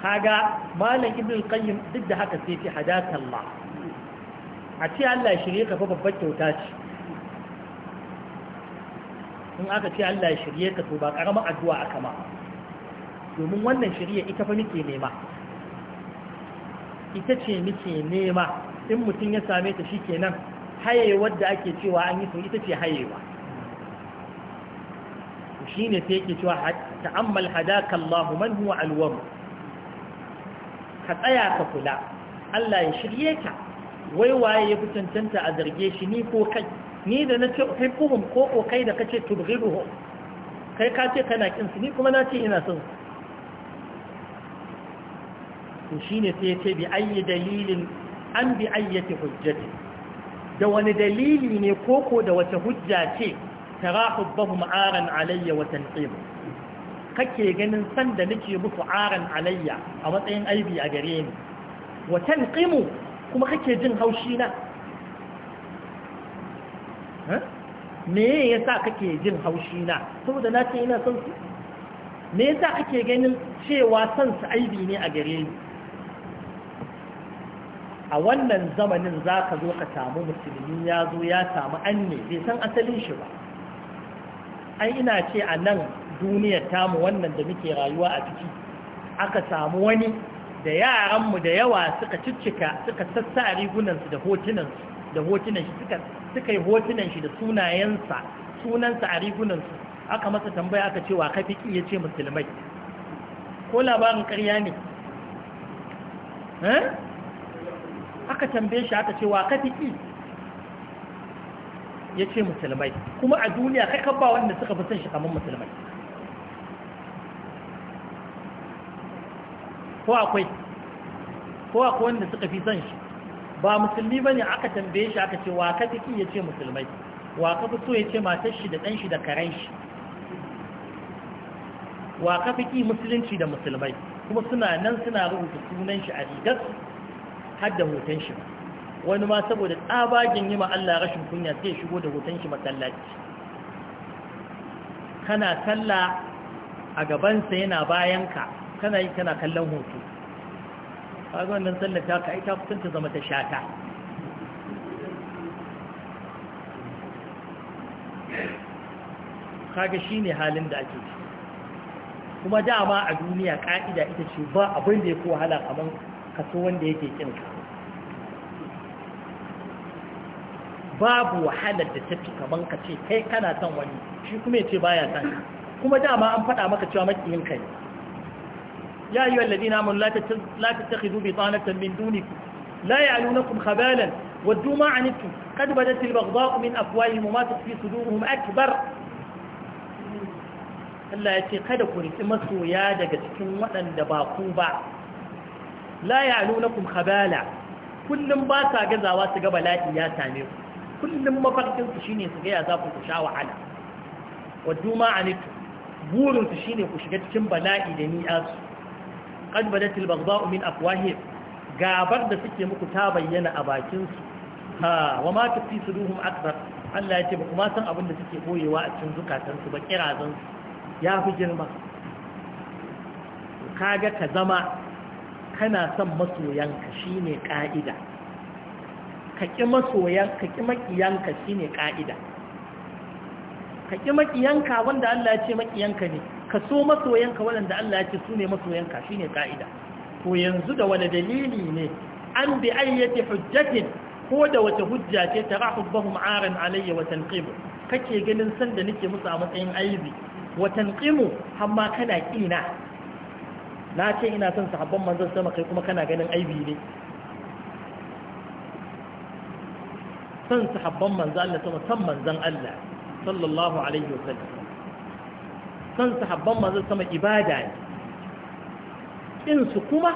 kaga malam ibn qayyim duk da haka sai ce hadakallah a ce Allah shirye ka fa babbar kyauta ce in aka ce Allah ya shirye ka to ba karamar addu'a aka ma domin wannan shirye ita fa muke nema ita ce muke nema in mutum ya same ta shi kenan hayewar da ake cewa an yi to ita ce hayewa shi ne sai yake cewa ta'ammal hadaka Allah man huwa alwam ka tsaya ka kula Allah ya shirye ka wai waye ya fi cancanta a zarge shi ni ko kai ni da na ce uhibbuhum ko ko kai da kace tubghiduhum kai ka ce kana kin su ni kuma na ce ina son su. shine sai ya ce bi ayi dalilin an bi ayyati hujjati da wani dalili ne ko da wace hujja ce tarahubbahum aran alayya wa tanqib kake ganin sanda da nake muku aran alayya a matsayin aibi a gare ni wa tanqimu kuma kake jin haushi na me ya sa kake jin haushi na saboda na ce ina son su me sa kake ganin cewa son su aibi ne a gare ni a wannan zamanin za ka zo ka samu musulmi ya zo ya samu an ne bai san asalin shi ba ai ina ce a nan duniyar tamu wannan da muke rayuwa a ciki aka samu wani da yaranmu da yawa suka ciccika suka sassa rigunansu da hotunansu da hotunan shi suka suka yi hotunan shi da sunayensa sunansa a rigunansu aka masa tambaya aka ce wa kafi ya ce musulmai ko labarin ƙarya ne eh? aka tambaye shi aka ce wa kafiki ya ce musulmai kuma a duniya kai kabba wanda suka fi son shi kamar musulmai ko akwai ko akwai wanda suka fi son shi ba musulmi bane aka tambaye shi aka ce wa ka ya yace musulmai wa ka fi ya ce matar shi da dan shi da karen shi wa ka fi ki musulunci da musulmai kuma suna nan suna rubuta sunan shi a rigar har da hoton shi wani ma saboda tsabagen yi ma Allah rashin kunya sai shigo da hoton shi masallaci kana sallah a gabansa yana bayanka kana yi kana kallon hoto kaga wannan sallar ta ka ita kusan ta zama ta shata kaga shine halin da ake kuma dama a duniya ka'ida ita ce ba abin da ya fi wahala kamar kaso wanda yake ka. babu wahalar da tafi kamar ka ce kai kana son wani shi kuma ya ce baya son kuma dama an faɗa maka cewa makiyinka ne يا أيها الذين آمنوا لا تتخذوا بطانة من دونكم لا يعلونكم خبالا ودوا ما عنتم قد بدت البغضاء من أفواههم وما تخفي صدورهم أكبر Allah ya ce kada ku riki masoya daga cikin waɗanda ba ku ba la ya'lunakum khabala kullum ba sa gazawa su ga bala'i ya same ku kullum mafarkin su shine su ga za ku sha ku shiga cikin bala'i da ni'asu qad badat al-baghdha'u min afwahihim gabar da suke muku ta bayyana a bakin su ha wa fi su suduhum akbar Allah ya ce ba kuma san abin da suke koyewa a cikin zukatansu ba kirazansu. ya fi girma kaga ka zama kana son masoyanka shine ka'ida ka masoyan ka ki makiyanka shine ka'ida ka ki makiyanka wanda Allah ya ce maƙiyanka ne ka so masoyanka waɗanda Allah ya ce su ne masoyanka shi ne ƙa'ida ko yanzu da wani dalili ne an bi ayyati hujjatin ko da wata hujja ce ta rahubbahum aran alayya watan tanqimu kake ganin sanda da nake musu a matsayin aibi watan tanqimu amma kana kina na ce ina son sahabban manzon sama kai kuma kana ganin aibi ne son sahabban manzon Allah sama san manzon Allah sallallahu alaihi wa sallam san sahabban manzon sama ibada ne in su kuma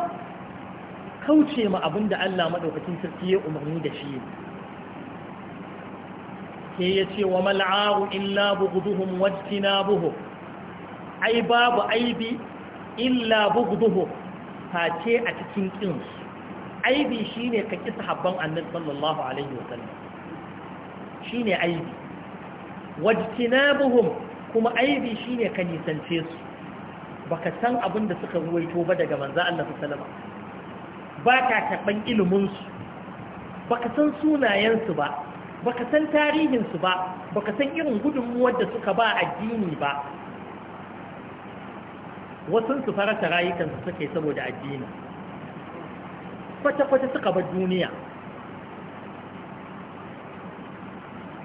kauce ma abin da Allah madaukakin sarki ya umarni da shi Ke ya ce wa mal'aru illa bughduhum wajtinabuhu ai babu aibi illa bughduhum face a cikin kinsu aibi shine ka ki sahabban annabi sallallahu alaihi wasallam shine aibi wajtinabuhum kuma aibi ne ka nisance su baka san abin da suka ruwaito ba daga manzo Allah salama. ba ka karban ilimin su baka san sunayensu su ba baka san tarihinsu su ba baka san irin gudunmuwar da suka ba addini ba wasu su farata rayukan su suke saboda addini kwata-kwata suka bar duniya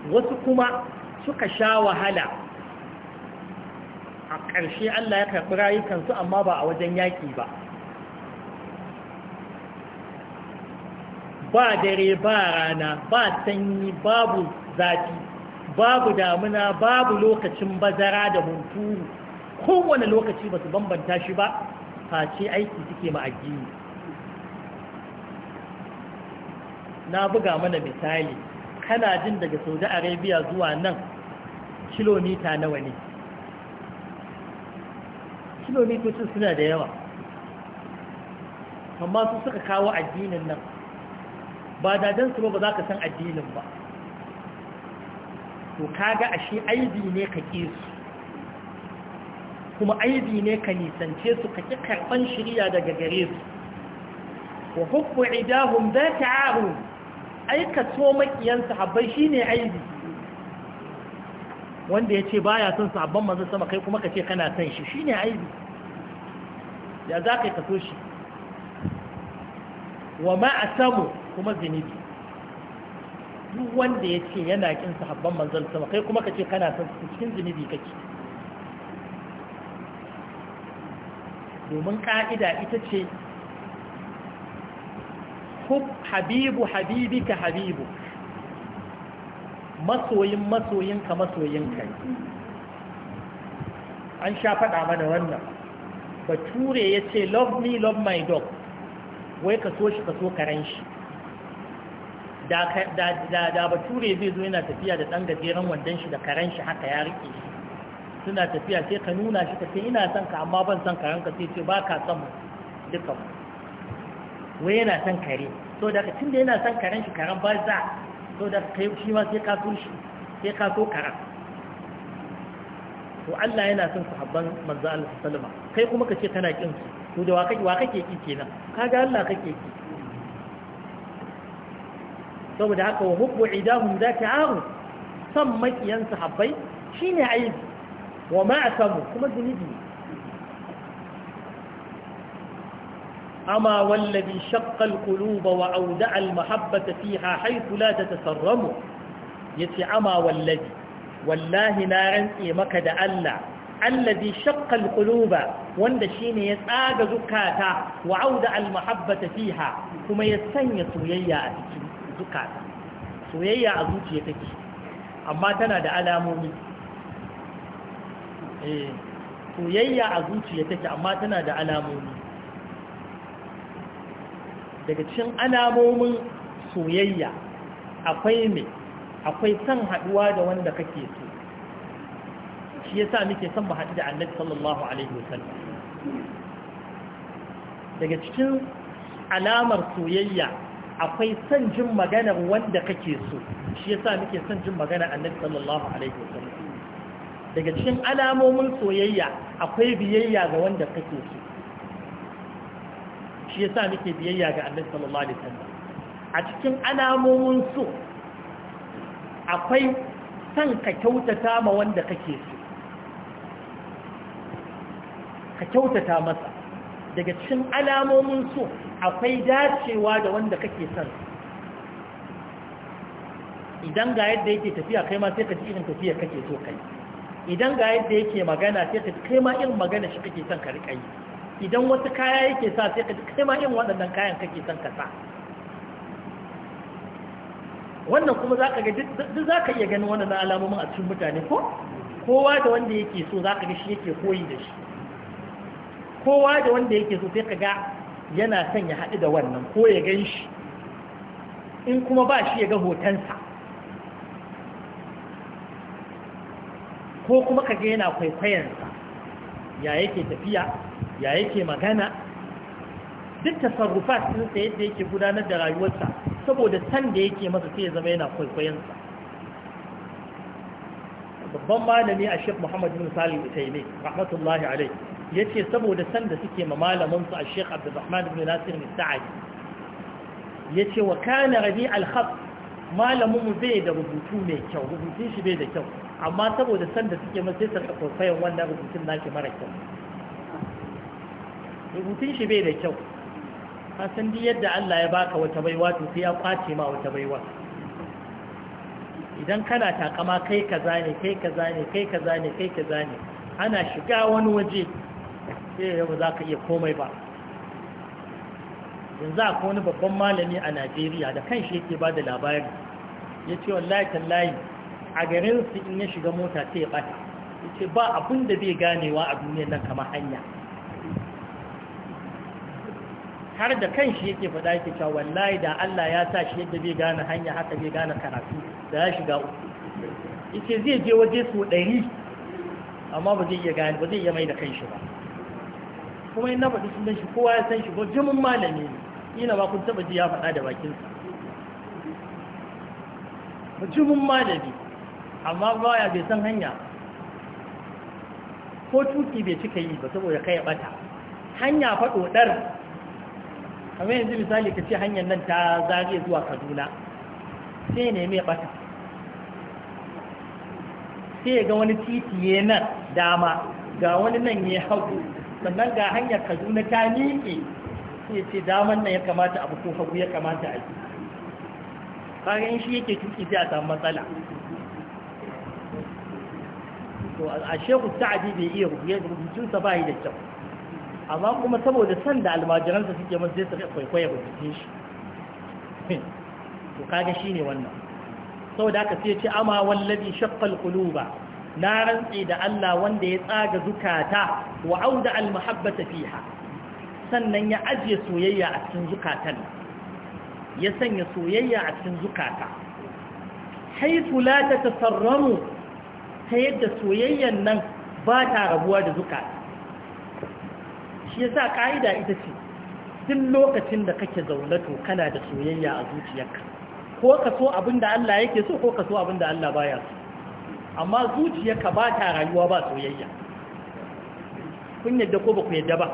wasu kuma suka sha wahala a ƙarshe Allah ya karɓi rayukansu amma ba a wajen yaƙi ba ba dare ba rana ba sanyi babu zafi babu damuna babu lokacin bazara da hunturu kowane lokaci ba su bambanta shi ba face aiki suke ma'aji na buga mana misali kana jin daga saudi arabia zuwa nan kilomita nawa ne kilomitocin suna da yawa amma su suka kawo addinin nan ba da don su ba za ka san addinin ba to kaga ashe aibi ne ka ƙi su kuma aibi ne ka nisance su ka ƙi karɓan shirya daga gare su wa hukku idahum za ta aru aika so makiyansa habbai shi ne aibi wanda ya ce ba ya son sabon manzan sama kai kuma ka ce kana son shi shi ne aibi ya za ka yi kaso shi wa ma'asamu kuma zinibi duk wanda ya ce yana kin sahabban manzan sama kai kuma ka ce kana son su cikin zinibi kake domin ka'ida ita ce hub habibu ka habibu masoyin masoyinka masoyinka an sha faɗa mana wannan bature ya ce love me love my dog wai ka so shi ka so karen shi da bature zai zo yana tafiya da ɗan gajeren wandon shi da karen shi haka ya rike shi suna tafiya sai ka nuna shi ka ce ina son ka amma ban son karen ka sai ce ba ka son duka wai yana son kare so da tun da yana son karen shi karen ba za so da kai shi ma sai ka so karen to Allah yana son sahabban manzo Allah sallama kai kuma kace kana kin su to da wa kake wa ki kenan kaga Allah kake ki saboda haka wa hubbu idahum zaka aru san makiyan sahabbai shine aibi wa ma'asamu kuma zunubi أما والذي شق القلوب وأودع المحبة فيها حيث لا تتسرم يتي والذي wallahi na rantse maka da Allah allazi shaqqa alquluba wanda shine ya tsaga zukata wa auda almuhabbata fiha kuma ya sanya soyayya a cikin zukata soyayya a zuciya take amma tana da alamomi eh soyayya a zuciya take amma tana da alamomi daga cikin alamomin soyayya akwai mai akwai son haɗuwa da wanda kake so shi yasa muke son ba haɗu da annabi sallallahu alaihi wasallam daga cikin alamar soyayya akwai son jin maganar wanda kake so shi yasa muke son jin magana annabi sallallahu alaihi wasallam daga cikin alamomin soyayya akwai biyayya ga wanda kake so shi yasa muke biyayya ga annabi sallallahu alaihi wasallam a cikin alamomin so akwai san ka kyautata ma wanda kake so ka kyautata masa daga cikin alamomin so akwai dacewa da wanda kake son idan ga yadda yake tafiya kai ma sai ka ji irin tafiya kake so kai idan ga yadda yake magana sai ka kai ma irin magana shi kake son ka riƙa yi idan wasu kaya yake sa sai ka kai ma irin waɗannan kayan kake son ka sa wannan kuma za ka ga duk za ka iya ganin wannan alamomin a cikin mutane ko kowa da wanda yake so za ka ga shi yake koyi da shi kowa da wanda yake so sai ka ga yana son ya haɗu da wannan ko ya gan shi in kuma ba shi ya ga hotonsa ko kuma ka ga yana kwaikwayonsa. ya yake tafiya ya yake magana duk tasarrufa sun sa yadda yake gudanar da rayuwarsa saboda san da yake masa sai ya zama yana kwaikwayensa babban malami a shek muhammad bin salim utaimi rahmatullahi alai ya ce saboda san da suke ma malamansu a shek abdurrahman bin nasir misa'adi ya ce wa kana rabi alhaf malaminmu bai da rubutu mai kyau rubutun shi bai da kyau amma saboda san da suke masa sai kwaikwayon wannan rubutun nake mara kyau rubutun shi bai da kyau san duk yadda Allah ya baka wata baiwa to sai ya kwace ma wata baiwa idan kana takama kai kaza ne kai kaza ne kai kaza ne kai kaza ne ana shiga wani waje sai ya ba za ka iya komai ba yanzu akwai wani babban malami a Najeriya da kan shi yake ba da labari ya ce wallahi tallahi a garin su in ya shiga mota sai ya bata ya ce ba abin da bai ganewa a duniyar nan kamar hanya har da kan shi yake faɗa yake cewa wallahi da Allah ya sa shi yadda bai gane hanya haka bai gane karatu da ya shiga uku yake zai je waje su ɗari amma ba zai iya gane ba zai iya mai da kan shi ba kuma ina na faɗi dan shi kowa ya san shi ba jimin malami ne ina ba kun taɓa ji ya faɗa da bakinsa jimin malami amma baya bai san hanya ko tuki bai cika yi ba saboda kai bata hanya faɗo ɗar kamar yanzu misali ka ce hanyar nan ta zariya zuwa kaduna sai ne mai bata sai ga wani titi ya nan dama ga wani nan ya hagu sannan ga hanyar kaduna ta miƙe sai ce daman nan ya kamata abu ko hagu ya kamata a yi kayan shi yake tuki sai a samu matsala to a shehu ta'adi bai iya rubutunsa ba yi da kyau amma kuma saboda san da almajiransa suke masu zai suka kwaikwaya ba jikin shi to kaga shi ne wannan saboda aka sai ce ama wallabi shakkal kuluba na rantse da Allah wanda ya tsaga zukata wa auda almuhabbata fiha sannan ya ajiye soyayya a cikin zukatan ya sanya soyayya a cikin zukata haifu la ta tasarramu ta yadda soyayyan nan ba ta rabuwa da zukata shi yasa ƙa'ida ita ce duk lokacin da kake zaune to kana da soyayya a zuciyarka ko ka so abin da Allah yake so ko ka so abin da Allah baya so amma zuciyarka ba ta rayuwa ba soyayya kun yadda ko ba ku yadda ba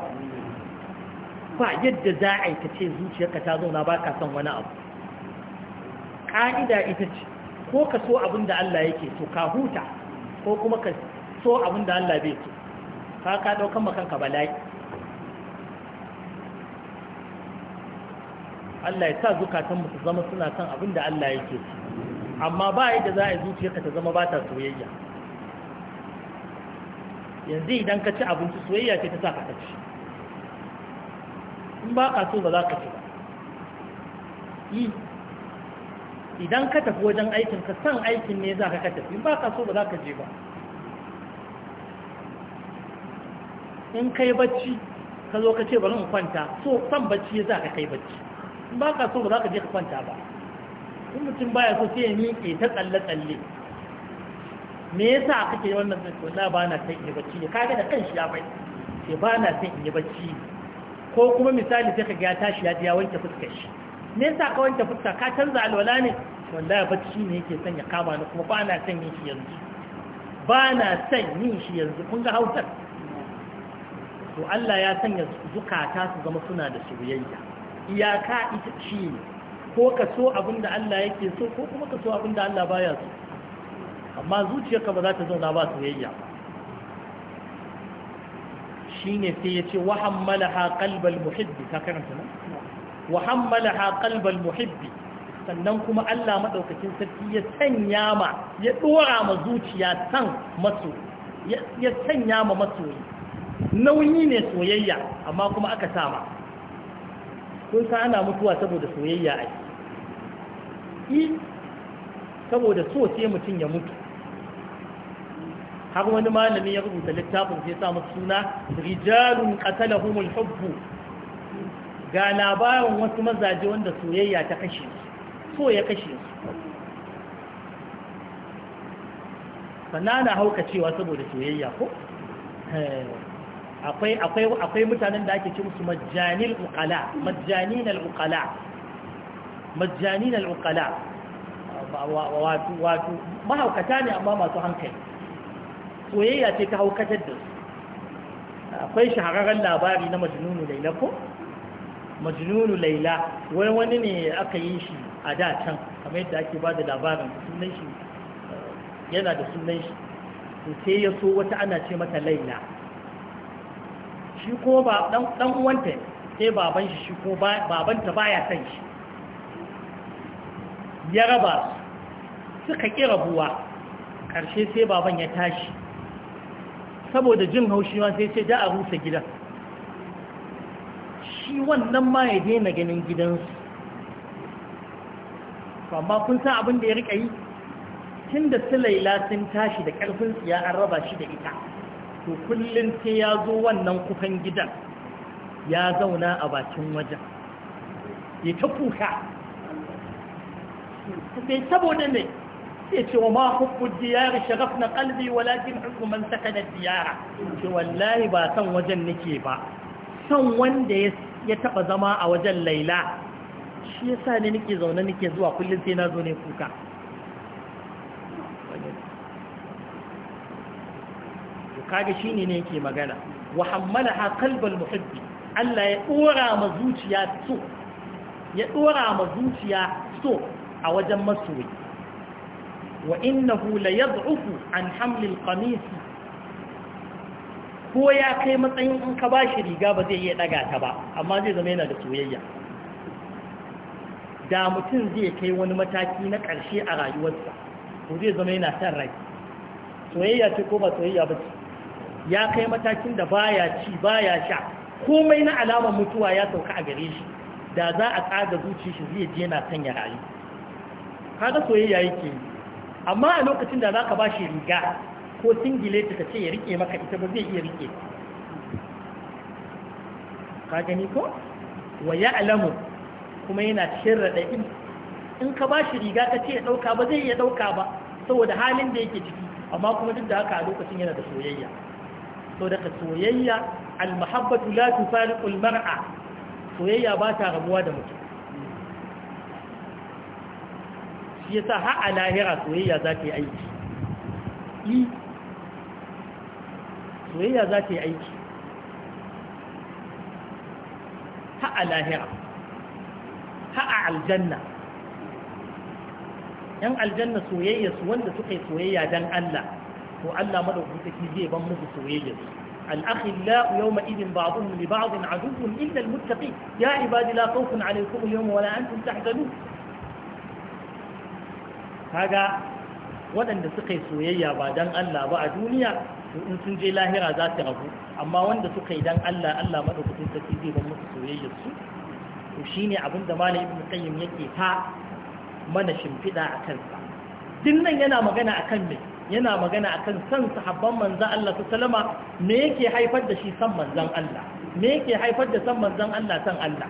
ba yadda za a yi ka ce zuciyarka ta zauna ba ka son wani abu ƙa'ida ita ce ko ka so abin da Allah yake so ka huta ko kuma ka so abin da Allah bai so ka ka ɗaukan makanka bala'i Allah ya sa zukatan mu su zama suna son abin da Allah yake so amma ba yadda za a zuciyarka ta zama ba ta soyayya yanzu idan ka ci abinci soyayya ce ta sa ka ci in ba ka so ba za ka ci ba idan ka tafi wajen aikin ka san aikin ne za ka tafi ba ka so ba za ka je ba in kai bacci ka zo ka ce bari in kwanta so san bacci ya za ka kai bacci in ba ka so ba za ka je ka kwanta ba in mutum baya so sai ya miƙe ta tsalle-tsalle me yasa kake wannan zai na ba na san in yi bacci ne kaga da kan shi ya bai sai ba na san in yi bacci ko kuma misali sai ka ga ya tashi ya ji ya wanke fuskar shi me yasa ka wanke fuska ka canza alwala ne ya bacci ne yake son ya kama ni kuma ba na san yin shi yanzu ba na san yin shi yanzu kun ga hausar. to Allah ya sanya zukata su zama suna da soyayya iyaka ita ce ko ka so abin da Allah yake so ko kuma ka so abin da Allah baya so amma zuciyarka ba za ta zauna ba soyayya ne sai yace wa hammalaha qalbal muhibbi ta karanta nan wa hammalaha qalbal muhibbi sannan kuma Allah madaukakin sarki ya sanya ma ya dora ma zuciya san maso ya sanya ma masoyi nauyi ne soyayya amma kuma aka sama sun ka ana mutuwa saboda soyayya a yi saboda so sai mutum ya mutu har wani malami ya rubuta littafin sai sa musu suna rijalun humul, hubbu ga labarin wasu mazaje wanda soyayya ta kashe su so ya kashe su sannan na hauka cewa saboda soyayya ko eh. akwai mutanen da ake ce musu majjanil uqala majjanin al uqala majjanin wato wato mahaukata ne amma masu hankali soyayya ce ta haukatar da su akwai shahararren labari na majnunu laila ko majnunu laila wani wani ne aka yi shi a da can kamar yadda ake ba da labarin sunan shi eh, yana da sunan shi sai ya so wata ana ce mata laila shi ko ba dan uwanta sai baban shi shi ko babanta baya san shi ya raba suka ƙi rabuwa ƙarshe sai baban ya tashi saboda jin haushi ma sai ce da a rusa gidan shi wannan ma ya daina ganin gidansu amma kun san abin da ya rika yi Tunda da su sun tashi da ƙarfin tsiya an raba shi da ita to kullum sai ya zo wannan kufan gidan ya zauna a bakin wajen ya ta kuka sai saboda ne sai cewa wa ma hukun diyar sharaf na kalbi walakin hukuman na diyara ce wallahi ba san wajen nake ba san wanda ya taba zama a wajen laila shi ya yasa ne nake zaune nake zuwa kullum sai na zo ne kuka kaga shine ne yake magana wa hammalaha qalbal muhibbi Allah ya dora ma zuciya so ya dora ma zuciya so a wajen masoyi wa innahu la yad'ufu an hamli al-qamis ko ya kai matsayin in ka bashi riga ba zai iya daga ta ba amma zai zama yana da soyayya da mutum zai kai wani mataki na ƙarshe a rayuwarsa ko zai zama yana son rai soyayya ce ko ba soyayya ba ce ya kai matakin da baya ci baya sha komai na alamar mutuwa ya sauka a gare shi da za a tsada zuci shi zai je na sanya rayu kada soyayya yake yi amma a lokacin da za ka ba shi riga ko singile ta ce ya rike maka ita ba zai iya rike ka gani ko wa ya'lamu kuma yana cikin da in ka ba shi riga ka ce ya ɗauka ba zai iya ɗauka ba saboda halin da yake ciki amma kuma duk da haka a lokacin yana da soyayya so daga soyayya almahabbatu la tufariqul mar'a soyayya ba ta rabuwa da mutum shi yasa har a lahira soyayya za ta yi aiki yi soyayya za ta yi aiki har a lahira har a aljanna yan aljanna soyayya su wanda suka yi soyayya don Allah to Allah madaukaki zai ban muku soyayya yawma الأخلاء يومئذ بعضهم لبعض عدو إلا المتقين يا عبادي لا خوف yawma اليوم ولا أنتم تحزنون هذا waɗanda suka yi soyayya ba dan Allah ba a duniya in sun je lahira za su rabu amma wanda suka yi dan Allah Allah madaukakin sarki zai ban musu soyayya su to shine abin da malam ibnu qayyim yake ta mana shimfida a kansa dinnan yana magana akan me yana magana akan san sahabban manzan Allah su salama me yake haifar da shi san manzan Allah me yake haifar da san manzan Allah san Allah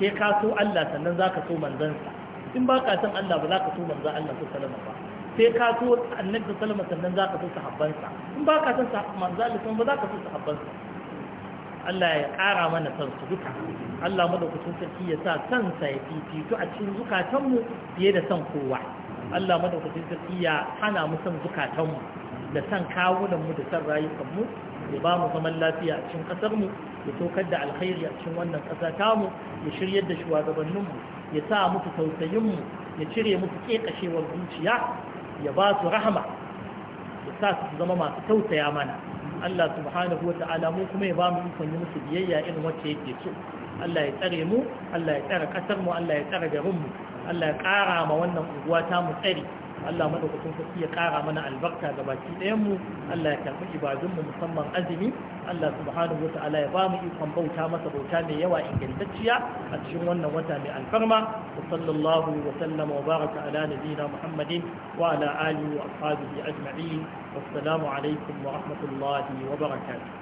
sai ka so Allah sannan za ka so manzansa in ba ka san Allah ba za ka so manzan Allah su salama ba sai ka so annabi su salama sannan za ka so sahabbansa in ba ka san manzan Allah sannan ba za ka so sahabbansa Allah ya ƙara mana san su duka Allah madaukakin sarki ya sa san sa ya fifito a cikin zukatanmu fiye da san kowa Allah madaukakin sarki ya hana mu san zukatanmu da san kawunanmu da san rayukanmu ya ba mu zaman lafiya a cikin ƙasarmu ya tokar da alkhairi a cikin wannan ta mu ya shiryar da mu ya sa musu tausayinmu ya cire musu ƙeƙashewar zuciya ya ba su rahama ya sa su zama masu tausaya mana Allah subhanahu wa ta'ala mu kuma ya ba mu ikon yi musu biyayya irin wacce yake so Allah ya tsare mu Allah ya tsare ƙasarmu Allah ya tsare garinmu Allah ya ƙara ma wannan unguwa ta mu tsari Allah madaukakin sarki ya ƙara mana albarka ga baki ɗayan mu Allah ya karɓi ibadun mu musamman azumi Allah subhanahu wata'ala ya bamu ikon bauta masa bauta mai yawa ingantacciya a cikin wannan wata mai alfarma wa sallallahu wa sallama wa baraka ala nabiyina Muhammadin wa ala alihi wa ashabihi ajma'in wassalamu alaikum wa rahmatullahi wa barakatuh